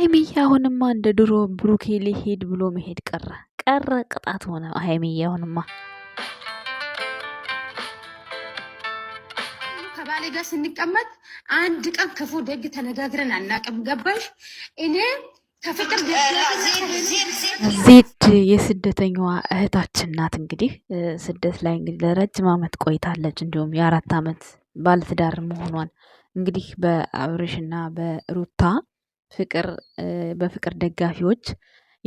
ሀይሚዬ አሁንማ እንደ ድሮ ብሩኬ ሊሄድ ብሎ መሄድ ቀረ ቀረ ቅጣት ሆነ። ሀይሚዬ አሁንማ ከባሌ ጋር ስንቀመጥ አንድ ቀን ክፉ ደግ ተነጋግረን አናውቅም። ገባሽ እኔ ዜድ የስደተኛዋ እህታችን ናት። እንግዲህ ስደት ላይ እንግዲህ ለረጅም ዓመት ቆይታለች። እንዲሁም የአራት ዓመት ባለትዳር መሆኗን እንግዲህ በአብሬሽና በሩታ ፍቅር በፍቅር ደጋፊዎች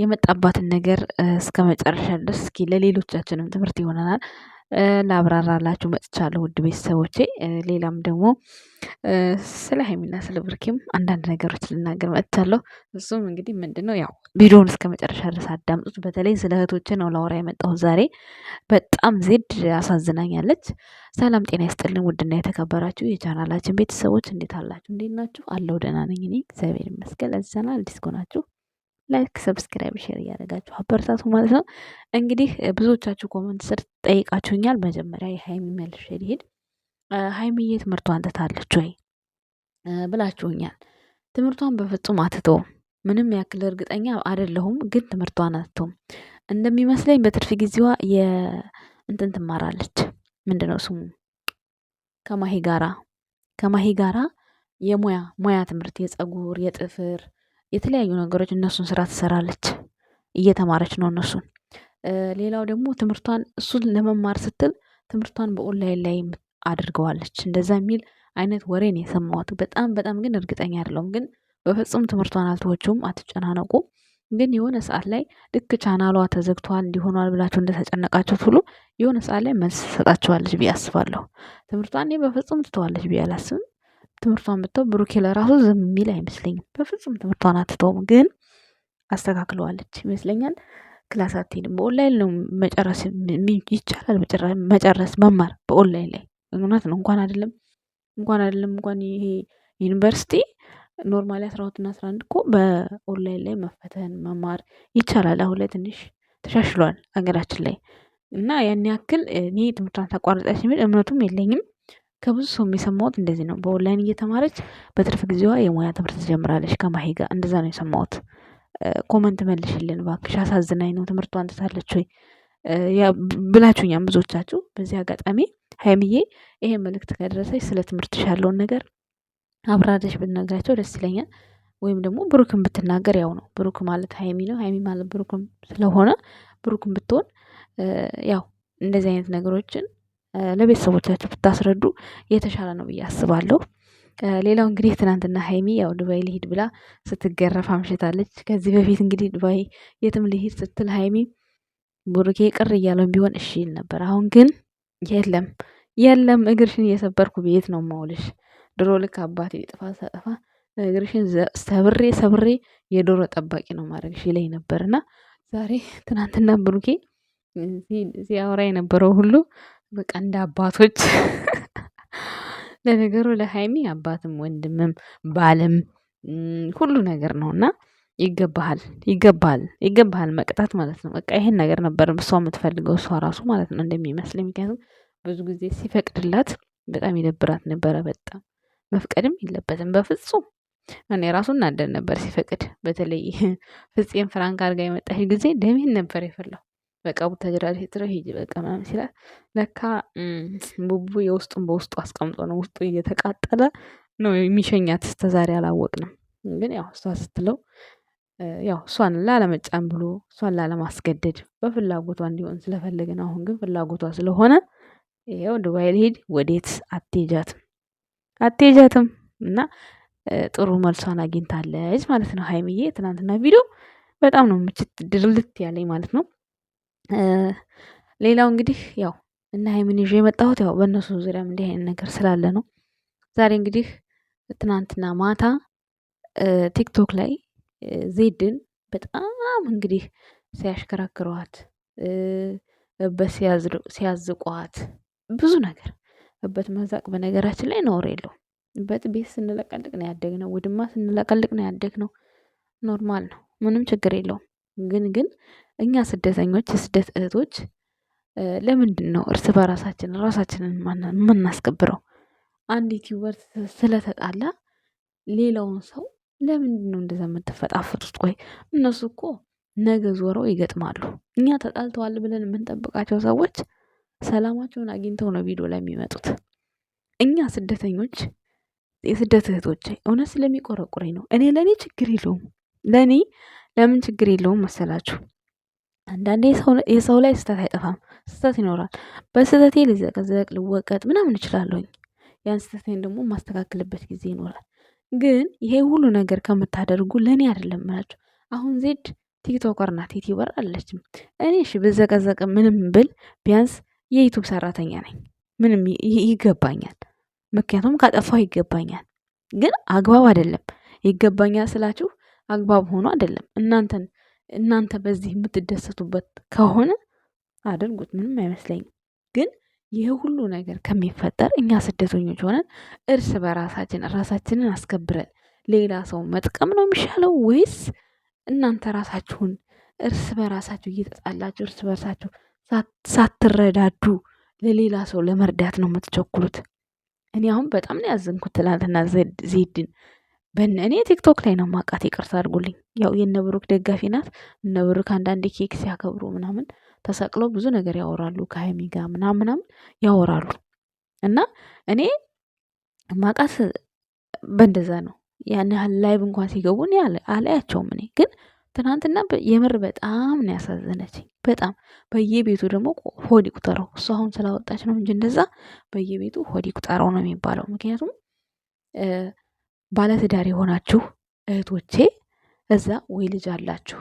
የመጣባትን ነገር እስከመጨረሻ ድረስ እስኪ ለሌሎቻችንም ትምህርት ይሆነናል ላብራራላችሁ መጥቻለሁ ውድ ቤተሰቦቼ። ሌላም ደግሞ ስለ ሀይሚና ስለ ብርኪም አንዳንድ ነገሮች ልናገር መጥቻለሁ። እሱም እንግዲህ ምንድን ነው ያው ቪዲዮውን እስከ መጨረሻ ድረስ አዳምጡት። በተለይ ስለ እህቶቼ ነው ላወራ የመጣሁት ዛሬ። በጣም ዜድ አሳዝናኛለች። ሰላም ጤና ይስጥልን ውድና የተከበራችሁ የቻናላችን ቤተሰቦች እንዴት አላችሁ? እንዴት ናችሁ? አለው ደህና ነኝ እኔ እግዚአብሔር ይመስገን። ለዚህ ቻናል አዲስ ከሆናችሁ ላይክ፣ ሰብስክራይብ፣ ሼር እያደረጋችሁ አበረታቱ ማለት ነው። እንግዲህ ብዙዎቻችሁ ኮመንት ስር ጠይቃችሁኛል። መጀመሪያ የሀይሚ መልሼ ሊሄድ ሀይሚዬ ትምህርቷን ትታለች ወይ ብላችሁኛል። ትምህርቷን በፍጹም አትተውም። ምንም ያክል እርግጠኛ አይደለሁም፣ ግን ትምህርቷን አትተውም። እንደሚመስለኝ በትርፍ ጊዜዋ እንትን ትማራለች። ምንድነው ስሙ? ከማሂ ጋራ ከማሂ ጋራ የሙያ ሙያ ትምህርት የጸጉር፣ የጥፍር የተለያዩ ነገሮች እነሱን ስራ ትሰራለች እየተማረች ነው እነሱን ሌላው ደግሞ ትምህርቷን እሱን ለመማር ስትል ትምህርቷን በኦንላይን ላይ አድርገዋለች እንደዛ የሚል አይነት ወሬን የሰማት የሰማሁት። በጣም በጣም ግን እርግጠኛ አይደለሁም። ግን በፍጹም ትምህርቷን አልተወችውም፣ አትጨናነቁ። ግን የሆነ ሰዓት ላይ ልክ ቻናሏ ተዘግቷል እንዲሆኗል ብላችሁ እንደተጨነቃችሁት ሁሉ የሆነ ሰዓት ላይ መልስ ትሰጣችኋለች ብዬ አስባለሁ። ትምህርቷን እኔ በፍጹም ትተዋለች ብዬ አላስብም። ትምህርቷን ብትተው ብሩኬ ለራሱ ዝም የሚል አይመስለኝም። በፍጹም ትምህርቷን አትተውም፣ ግን አስተካክለዋለች ይመስለኛል። ክላስ አትሄድም። በኦንላይን ነው መጨረስ ይቻላል። መጨረስ መማር በኦንላይን ላይ እውነት ነው። እንኳን አይደለም እንኳን አይደለም እንኳን ይሄ ዩኒቨርሲቲ ኖርማሊ አስራ ሁለትና አስራ አንድ እኮ በኦንላይን ላይ መፈተን መማር ይቻላል። አሁን ላይ ትንሽ ተሻሽሏል ሀገራችን ላይ እና ያን ያክል እኔ ትምህርቷን ታቋርጣች የሚል እምነቱም የለኝም። ከብዙ ሰው የሰማሁት እንደዚህ ነው። በኦንላይን እየተማረች በትርፍ ጊዜዋ የሙያ ትምህርት ትጀምራለች ከማሂ ጋር እንደዛ ነው የሰማሁት። ኮመንት መልሽልን እባክሽ አሳዝናኝ ነው ትምህርቷን ትታለች ወይ ብላችሁኛም ብዙዎቻችሁ። በዚህ አጋጣሚ ሀይምዬ ይሄ መልእክት ከደረሰች ስለ ትምህርትሽ ያለውን ነገር አብራደሽ ብትነግራቸው ደስ ይለኛል። ወይም ደግሞ ብሩክን ብትናገር ያው ነው ብሩክ ማለት ሀይሚ ነው፣ ሀይሚ ማለት ብሩክም ስለሆነ ብሩክም ብትሆን ያው እንደዚህ አይነት ነገሮችን ለቤተሰቦቻቸው ብታስረዱ የተሻለ ነው ብዬ አስባለሁ። ሌላው እንግዲህ ትናንትና ሀይሚ ያው ዱባይ ልሂድ ብላ ስትገረፍ አምሽታለች። ከዚህ በፊት እንግዲህ ዱባይ የትም ልሂድ ስትል ሀይሚ ቡሩኬ ቅር እያለውን ቢሆን እሺ ይል ነበር። አሁን ግን የለም የለም እግርሽን እየሰበርኩ ቤት ነው ማውልሽ። ድሮ ልክ አባቴ ጥፋ ሳጠፋ እግርሽን ሰብሬ ሰብሬ የዶሮ ጠባቂ ነው ማድረግሽ ይለኝ ነበር እና ዛሬ ትናንትና ብሩኬ ሲያወራ የነበረው ሁሉ በቃ እንደ አባቶች ለነገሩ ለሀይሚ አባትም ወንድምም ባልም ሁሉ ነገር ነው እና ይገባሃል ይገባል ይገባሃል መቅጣት ማለት ነው። በቃ ይሄን ነገር ነበር እሷ የምትፈልገው እሷ ራሱ ማለት ነው እንደሚመስለኝ። ምክንያቱም ብዙ ጊዜ ሲፈቅድላት በጣም ይደብራት ነበረ። በጣም መፍቀድም የለበትም በፍጹም። እኔ ራሱ እናደድ ነበር ሲፈቅድ። በተለይ ፍጼን ፍራንክ አድርጋ የመጣሽ ጊዜ ደሜን ነበር የፈላው። በቃ ቡታጅራ ሄትረ ሂጂ በቃ ምናምን ሲላት ለካ ቡቡ የውስጡን በውስጡ አስቀምጦ ነው ውስጡ እየተቃጠለ ነው የሚሸኛት። እስከ ዛሬ አላወቅንም። ግን ያው እሷ ስትለው ያው እሷን ላለመጫን ብሎ እሷን ላለማስገደድ በፍላጎቷ እንዲሆን ስለፈለግን፣ አሁን ግን ፍላጎቷ ስለሆነ ይኸው ዱባይ ልሂድ፣ ወዴት አትሄጃትም፣ አትሄጃትም እና ጥሩ መልሷን አግኝታለች ማለት ነው። ሀይምዬ ትናንትና ቪዲዮ በጣም ነው ምችት ድርልት ያለኝ ማለት ነው። ሌላው እንግዲህ ያው እና ሀይሚን ይዤ የመጣሁት ያው በእነሱ ዙሪያም እንዲህ አይነት ነገር ስላለ ነው። ዛሬ እንግዲህ ትናንትና ማታ ቲክቶክ ላይ ዜድን በጣም እንግዲህ ሲያሽከራክረዋት ሲያዝቋት ብዙ ነገር እበት መዛቅ በነገራችን ላይ ኖር የለውም። እበት ቤት ስንለቀልቅ ነው ያደግነው፣ ውድማ ስንለቀልቅ ነው ያደግነው። ኖርማል ነው፣ ምንም ችግር የለውም። ግን ግን እኛ ስደተኞች የስደት እህቶች ለምንድን ነው እርስ በራሳችን ራሳችንን የምናስከብረው? አንድ ዩቲዩበር ስለተጣላ ሌላውን ሰው ለምንድን ነው እንደዛ የምትፈጣፈጡት? ቆይ እነሱ እኮ ነገ ዞረው ይገጥማሉ። እኛ ተጣልተዋል ብለን የምንጠብቃቸው ሰዎች ሰላማቸውን አግኝተው ነው ቪዲዮ ላይ የሚመጡት። እኛ ስደተኞች የስደት እህቶች እውነት ስለሚቆረቁረኝ ነው። እኔ ለእኔ ችግር የለውም ለእኔ ለምን ችግር የለውም መሰላችሁ? አንዳንዴ የሰው ላይ ስህተት አይጠፋም ስህተት ይኖራል። በስህተቴ ልዘቀዘቅ ልወቀጥ ምናምን እችላለሁኝ። ያን ስህተቴን ደግሞ ማስተካከልበት ጊዜ ይኖራል። ግን ይሄ ሁሉ ነገር ከምታደርጉ ለእኔ አይደለም ምላችሁ አሁን ዜድ ቲክቶከር ናት ዩቲዩበር አለችም። እኔ እሺ ብዘቀዘቅ ምንም ብል ቢያንስ የዩቱብ ሰራተኛ ነኝ ምንም ይገባኛል። ምክንያቱም ካጠፋው ይገባኛል። ግን አግባብ አይደለም ይገባኛል ስላችሁ አግባብ ሆኖ አይደለም። እናንተን እናንተ በዚህ የምትደሰቱበት ከሆነ አድርጉት፣ ምንም አይመስለኝም። ግን ይህ ሁሉ ነገር ከሚፈጠር እኛ ስደተኞች ሆነን እርስ በራሳችን ራሳችንን አስከብረን ሌላ ሰው መጥቀም ነው የሚሻለው ወይስ እናንተ ራሳችሁን እርስ በራሳችሁ እየተጣላችሁ እርስ በራሳችሁ ሳትረዳዱ ለሌላ ሰው ለመርዳት ነው የምትቸኩሉት? እኔ አሁን በጣም ነው ያዘንኩት ትላንትና ዜድን እኔ ቲክቶክ ላይ ነው ማቃት፣ ይቅርታ አድርጉልኝ። ያው የነ ብሩክ ደጋፊ ናት። እነ ብሩክ አንዳንድ ኬክ ሲያከብሩ ምናምን ተሰቅለው ብዙ ነገር ያወራሉ፣ ከሀይሚ ጋር ምናምን ምናምን ያወራሉ። እና እኔ ማቃት በእንደዛ ነው። ያን ያህል ላይቭ እንኳን ሲገቡ እኔ አላያቸውም። እኔ ግን ትናንትና የምር በጣም ነው ያሳዘነችኝ። በጣም በየቤቱ ደግሞ ሆድ ይቁጠረው። እሱ አሁን ስላወጣች ነው እንጂ እንደዛ በየቤቱ ሆድ ይቁጠረው ነው የሚባለው። ምክንያቱም ባለትዳር የሆናችሁ እህቶቼ እዛ ወይ ልጅ አላችሁ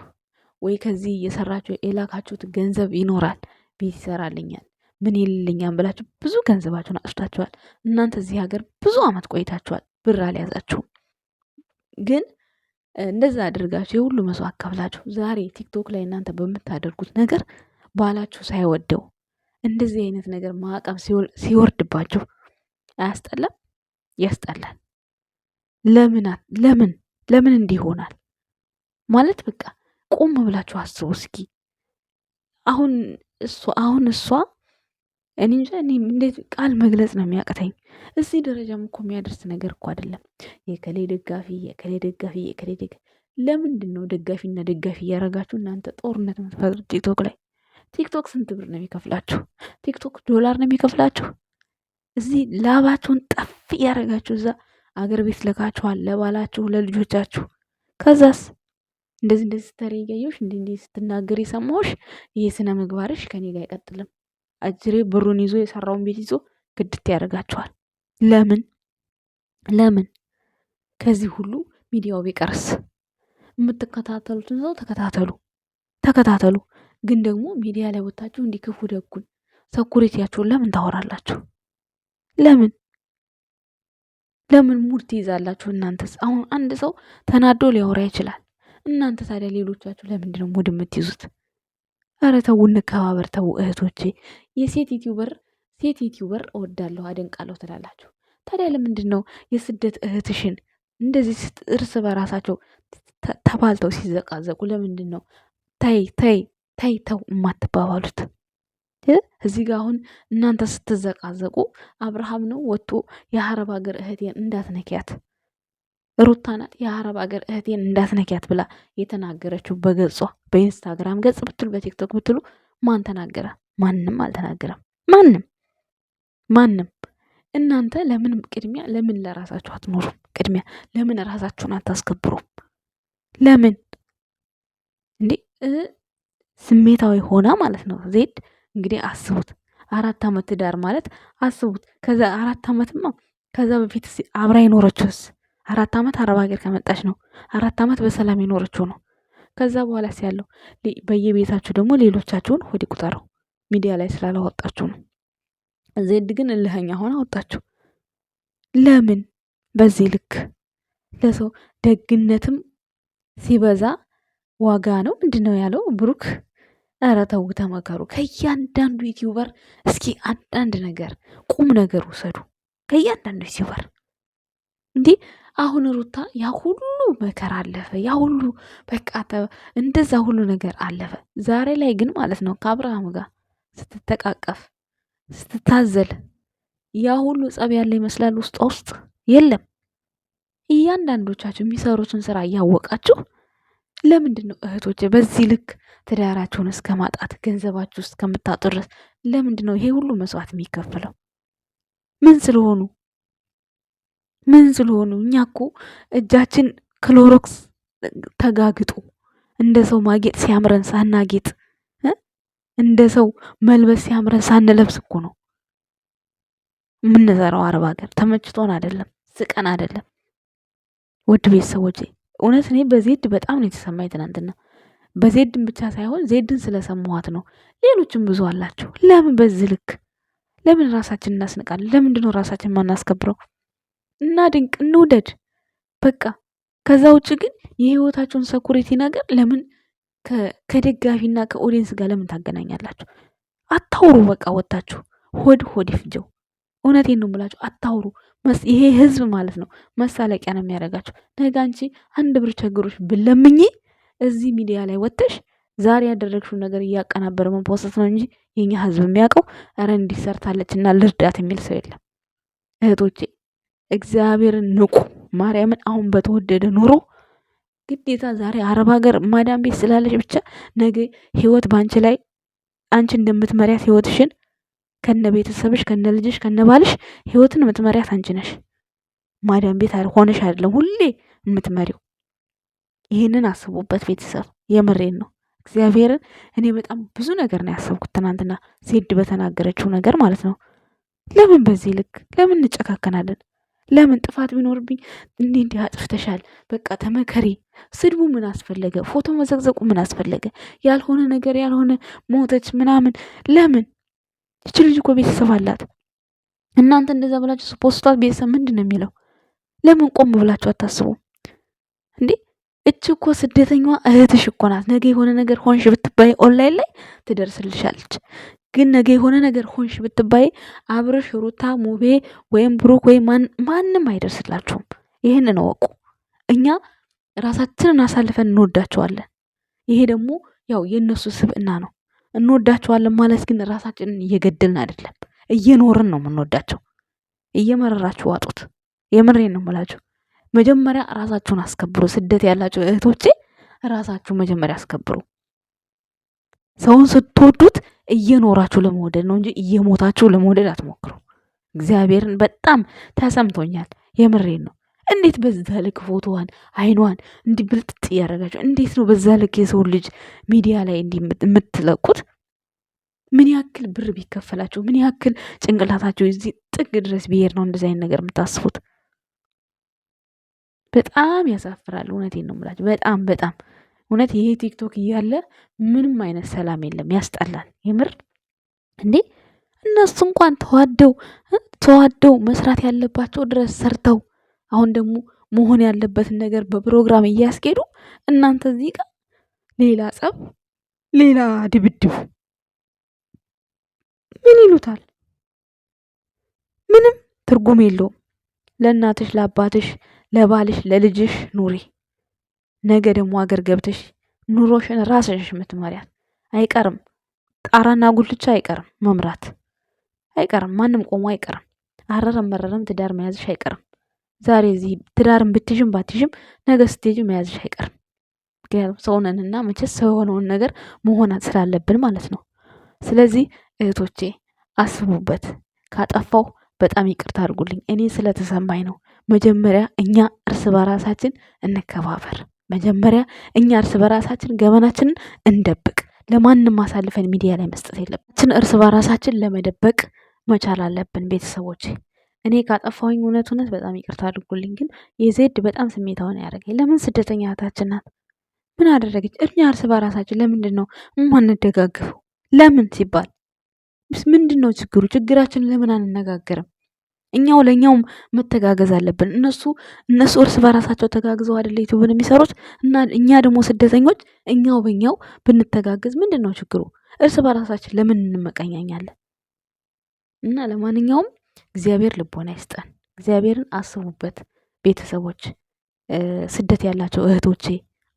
ወይ ከዚህ እየሰራችሁ የላካችሁት ገንዘብ ይኖራል። ቤት ይሰራልኛል ምን ይልልኛል ብላችሁ ብዙ ገንዘባችሁን አጥፍታችኋል። እናንተ እዚህ ሀገር ብዙ አመት ቆይታችኋል፣ ብር አልያዛችሁም። ግን እንደዛ አድርጋችሁ የሁሉ መስዋዕት ከፍላችሁ ዛሬ ቲክቶክ ላይ እናንተ በምታደርጉት ነገር ባላችሁ ሳይወደው እንደዚህ አይነት ነገር ማዕቀብ ሲወርድባችሁ አያስጠላም? ያስጠላል። ለምን ለምን ለምን እንዲህ ይሆናል ማለት በቃ ቆም ብላችሁ አስቡ እስኪ። አሁን እሷ አሁን እሷ እኔ እንጃ እኔ እንዴት ቃል መግለጽ ነው የሚያቅተኝ። እዚህ ደረጃም እኮ የሚያደርስ ነገር እኮ አይደለም። የከሌ ደጋፊ የከሌ ደጋፊ የከሌ ደጋፊ ለምንድን ነው ደጋፊና ደጋፊ እያደረጋችሁ እናንተ ጦርነት የምትፈጥሩት ቲክቶክ ላይ? ቲክቶክ ስንት ብር ነው የሚከፍላችሁ? ቲክቶክ ዶላር ነው የሚከፍላችሁ? እዚህ ላባችሁን ጠፍ እያደረጋችሁ እዛ አገር ቤት ልካችኋል ለባላችሁ ለልጆቻችሁ። ከዛስ እንደዚህ እንደዚህ ስተሪ ያየሁሽ እንዲ እንዲ ስትናገር የሰማሁሽ ይሄ ስነ ምግባርሽ ከኔ ጋር አይቀጥልም። አጅሬ ብሩን ይዞ የሰራውን ቤት ይዞ ግድት ያደርጋችኋል። ለምን ለምን ከዚህ ሁሉ ሚዲያው ቢቀርስ? የምትከታተሉትን ሰው ተከታተሉ ተከታተሉ። ግን ደግሞ ሚዲያ ላይ ወታችሁ እንዲክፉ ደጉን ሰኩሪቲያችሁን ለምን ታወራላችሁ? ለምን ለምን ሙድ ትይዛላችሁ እናንተስ? አሁን አንድ ሰው ተናዶ ሊያወራ ይችላል። እናንተ ታዲያ ሌሎቻችሁ ለምንድን ነው ሙድ የምትይዙት? ኧረ ተው እንከባበር፣ ተው እህቶቼ። የሴት ዩቲዩበር ሴት ዩቲዩበር እወዳለሁ አደንቃለሁ ትላላችሁ። ታዲያ ለምንድን ነው የስደት እህትሽን እንደዚህ እርስ በራሳቸው ተባልተው ሲዘቃዘቁ ለምንድን ነው ታይ ታይ ታይ ተው የማትባባሉት? እዚህ ጋር አሁን እናንተ ስትዘቃዘቁ አብርሃም ነው ወጥቶ የአረብ ሀገር እህቴን እንዳትነኪያት ሩታ ናት የአረብ ሀገር እህቴን እንዳትነኪያት ብላ የተናገረችው በገጿ በኢንስታግራም ገጽ ብትሉ በቲክቶክ ብትሉ ማን ተናገረ? ማንም አልተናገረም። ማንም ማንም። እናንተ ለምን ቅድሚያ ለምን ለራሳችሁ አትኖሩም? ቅድሚያ ለምን ራሳችሁን አታስከብሩም? ለምን እንዴ ስሜታዊ ሆና ማለት ነው ዜድ እንግዲህ አስቡት አራት ዓመት ትዳር ማለት አስቡት። ከዛ አራት ዓመትማ ከዛ በፊት አብራ የኖረችውስ አራት ዓመት አረብ ሀገር ከመጣች ነው። አራት ዓመት በሰላም የኖረችው ነው። ከዛ በኋላስ ያለው በየቤታችሁ ደግሞ ሌሎቻችሁን ሆድ ቁጠሩ። ሚዲያ ላይ ስላላወጣችሁ ነው። ዜድ ግን እልኸኛ ሆነ አወጣችሁ። ለምን በዚህ ልክ ለሰው ደግነትም ሲበዛ ዋጋ ነው ምንድን ነው ያለው ብሩክ? ኧረ ተው ተመከሩ። ከእያንዳንዱ ዩቲዩበር እስኪ አንዳንድ ነገር ቁም ነገር ውሰዱ። ከእያንዳንዱ ዩቲዩበር እንዲህ አሁን ሩታ ያ ሁሉ መከራ አለፈ፣ ያ ሁሉ በቃ እንደዛ ሁሉ ነገር አለፈ። ዛሬ ላይ ግን ማለት ነው ከአብርሃም ጋር ስትተቃቀፍ ስትታዘል ያ ሁሉ ጸብ ያለ ይመስላል ውስጧ ውስጥ የለም። እያንዳንዶቻችሁ የሚሰሩትን ስራ እያወቃችሁ ለምንድን ነው እህቶች በዚህ ልክ ተዳራቸውን እስከ ማጣት ገንዘባቸው እስከምታጡ ድረስ ለምንድን ነው ይሄ ሁሉ መስዋዕት የሚከፈለው? ምን ስለሆኑ ምን ስለሆኑ? እኛ እኮ እጃችን ክሎሮክስ ተጋግጦ እንደ ሰው ማጌጥ ሲያምረን ሳናጌጥ እንደ ሰው መልበስ ሲያምረን ሳንለብስ እኮ ነው የምንሰራው። አረብ ሀገር ተመችቶን አይደለም፣ ስቀን አይደለም። ውድ ቤተሰቦቼ እውነት እኔ በዜድ በጣም ነው የተሰማኝ ትናንትና። በዜድን ብቻ ሳይሆን ዜድን ስለሰማኋት ነው። ሌሎችም ብዙ አላቸው። ለምን በዚህ ልክ ለምን ራሳችን እናስንቃለን? ለምንድን ነው ራሳችን ማናስከብረው? እና ድንቅ እንውደድ በቃ። ከዛ ውጭ ግን የህይወታችሁን ሰኩሪቲ ነገር ለምን ከደጋፊና ከኦዲየንስ ጋር ለምን ታገናኛላችሁ? አታውሩ። በቃ ወታችሁ ሆድ ሆድ ይፍጀው። እውነቴን ነው የምላችሁ አታውሩ። ይሄ ህዝብ ማለት ነው መሳለቂያ ነው የሚያደርጋቸው። ነገ አንቺ አንድ ብር ቸግሮች ብለምኝ እዚህ ሚዲያ ላይ ወጥተሽ ዛሬ ያደረግሽውን ነገር እያቀናበር መፖሰት ነው እንጂ የኛ ህዝብ የሚያውቀው ኧረ እንዲሰርታለች እና ልርዳት የሚል ሰው የለም። እህቶቼ እግዚአብሔርን ንቁ፣ ማርያምን አሁን በተወደደ ኑሮ ግዴታ ዛሬ አረብ ሀገር ማዳም ቤት ስላለች ብቻ ነገ ህይወት በአንቺ ላይ አንቺ እንደምትመሪያት ህይወትሽን ከነ ቤተሰብሽ ከነ ልጅሽ ከነ ባልሽ ህይወትን ምትመሪያት አንቺ ነሽ። ማዳም ቤት ሆነሽ አይደለም ሁሌ የምትመሪው። ይህንን አስቡበት ቤተሰብ፣ የምሬን ነው እግዚአብሔርን። እኔ በጣም ብዙ ነገር ነው ያሰብኩት ትናንትና ዜድ በተናገረችው ነገር ማለት ነው። ለምን በዚህ ልክ ለምን እንጨካከናለን? ለምን ጥፋት ቢኖርብኝ እንዲ እንዲ አጥፍተሻል፣ በቃ ተመከሪ። ስድቡ ምን አስፈለገ? ፎቶ መዘቅዘቁ ምን አስፈለገ? ያልሆነ ነገር ያልሆነ ሞተች ምናምን ለምን ይቺ ልጅ እኮ ቤተሰብ አላት። እናንተ እንደዛ ብላችሁ ፖስቷት ቤተሰብ ምንድን ነው የሚለው? ለምን ቆም ብላችሁ አታስቡም እንዴ? እች እኮ ስደተኛዋ እህትሽ እኮ ናት። ነገ የሆነ ነገር ሆንሽ ብትባይ ኦንላይን ላይ ትደርስልሻለች። ግን ነገ የሆነ ነገር ሆንሽ ብትባይ አብርሽ፣ ሩታ፣ ሙቤ ወይም ብሩክ ወይም ማንም አይደርስላችሁም። ይህንን እወቁ። እኛ ራሳችንን አሳልፈን እንወዳቸዋለን። ይሄ ደግሞ ያው የእነሱ ስብዕና ነው። እንወዳቸዋለን ማለት ግን ራሳችንን እየገደልን አይደለም፣ እየኖርን ነው የምንወዳቸው። እየመረራችሁ ዋጡት። የምሬን ነው የምላችሁ። መጀመሪያ ራሳችሁን አስከብሩ። ስደት ያላቸው እህቶቼ ራሳችሁ መጀመሪያ አስከብሩ። ሰውን ስትወዱት እየኖራችሁ ለመውደድ ነው እንጂ እየሞታችሁ ለመውደድ አትሞክሩ። እግዚአብሔርን በጣም ተሰምቶኛል። የምሬን ነው። እንዴት በዛ ልክ ፎቶዋን አይኗን እንዲህ ብልጥጥ እያደረጋችሁ እንዴት ነው በዛ ልክ የሰው ልጅ ሚዲያ ላይ እንዲህ የምትለቁት? ምን ያክል ብር ቢከፈላቸው ምን ያክል ጭንቅላታቸው እዚህ ጥግ ድረስ ብሄር ነው እንደዚህ አይነት ነገር የምታስቡት? በጣም ያሳፍራል። እውነቴን ነው የምላችሁ። በጣም በጣም እውነት ይሄ ቲክቶክ እያለ ምንም አይነት ሰላም የለም። ያስጠላል። የምር እንዴ እነሱ እንኳን ተዋደው ተዋደው መስራት ያለባቸው ድረስ ሰርተው አሁን ደግሞ መሆን ያለበትን ነገር በፕሮግራም እያስኬዱ እናንተ እዚህ ጋር ሌላ ጸብ፣ ሌላ ድብድብ ምን ይሉታል? ምንም ትርጉም የለውም። ለእናትሽ፣ ለአባትሽ፣ ለባልሽ፣ ለልጅሽ ኑሪ። ነገ ደግሞ አገር ገብተሽ ኑሮሽን ራስሽ የምትመሪያት አይቀርም። ጣራና ጉልቻ አይቀርም። መምራት አይቀርም። ማንም ቆሞ አይቀርም። አረረም መረረም ትዳር መያዝሽ አይቀርም። ዛሬ እዚህ ትዳርን ብትዥም ባትዥም ነገ ስትሄጂ መያዝሽ አይቀርም። ምክንያቱም ሰውነንና መቼስ ሰው የሆነውን ነገር መሆን ስላለብን ማለት ነው። ስለዚህ እህቶቼ አስቡበት። ካጠፋው በጣም ይቅርታ አድርጉልኝ፣ እኔ ስለተሰማኝ ነው። መጀመሪያ እኛ እርስ በራሳችን እንከባበር። መጀመሪያ እኛ እርስ በራሳችን ገበናችንን እንደብቅ። ለማንም አሳልፈን ሚዲያ ላይ መስጠት የለብን። እርስ በራሳችን ለመደበቅ መቻል አለብን ቤተሰቦች እኔ ካጠፋሁኝ እውነት እውነት በጣም ይቅርታ አድርጉልኝ። ግን የዜድ በጣም ስሜታውን ነው ያደረገኝ። ለምን ስደተኛ እህታችን ናት። ምን አደረገች? እኛ እርስ በራሳችን ለምንድን ነው የማንደጋግፈው? ለምን ሲባል ምንድን ነው ችግሩ? ችግራችን ለምን አንነጋገርም? እኛው ለእኛውም መተጋገዝ አለብን። እነሱ እነሱ እርስ በራሳቸው ተጋግዘው አደለ ዩቱብን የሚሰሩት እና እኛ ደግሞ ስደተኞች እኛው በእኛው ብንተጋገዝ ምንድን ነው ችግሩ? እርስ በራሳችን ለምን እንመቀኛኛለን? እና ለማንኛውም እግዚአብሔር ልቦና ይስጠን። እግዚአብሔርን አስቡበት ቤተሰቦች፣ ስደት ያላቸው እህቶቼ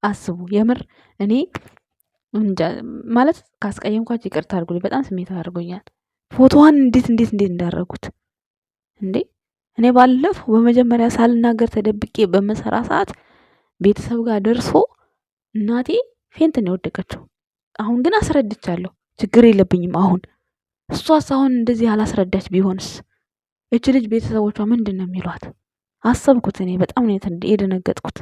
አስቡ። የምር እኔ እንጃ ማለት ካስቀየምኳቸው ይቅርታ አድርጉልኝ። በጣም ስሜት አድርጎኛል። ፎቶዋን እንዴት እንዴት እንዴት እንዳደረጉት እንዴ! እኔ ባለፈው በመጀመሪያ ሳልናገር ተደብቄ በምሰራ ሰዓት ቤተሰብ ጋር ደርሶ እናቴ ፌንት ነው የወደቀችው። አሁን ግን አስረድቻለሁ፣ ችግር የለብኝም። አሁን እሷስ አሁን እንደዚህ አላስረዳች ቢሆንስ እች ልጅ ቤተሰቦቿ ምንድን ነው የሚሏት? አሰብኩት እኔ በጣም ነው የደነገጥኩት።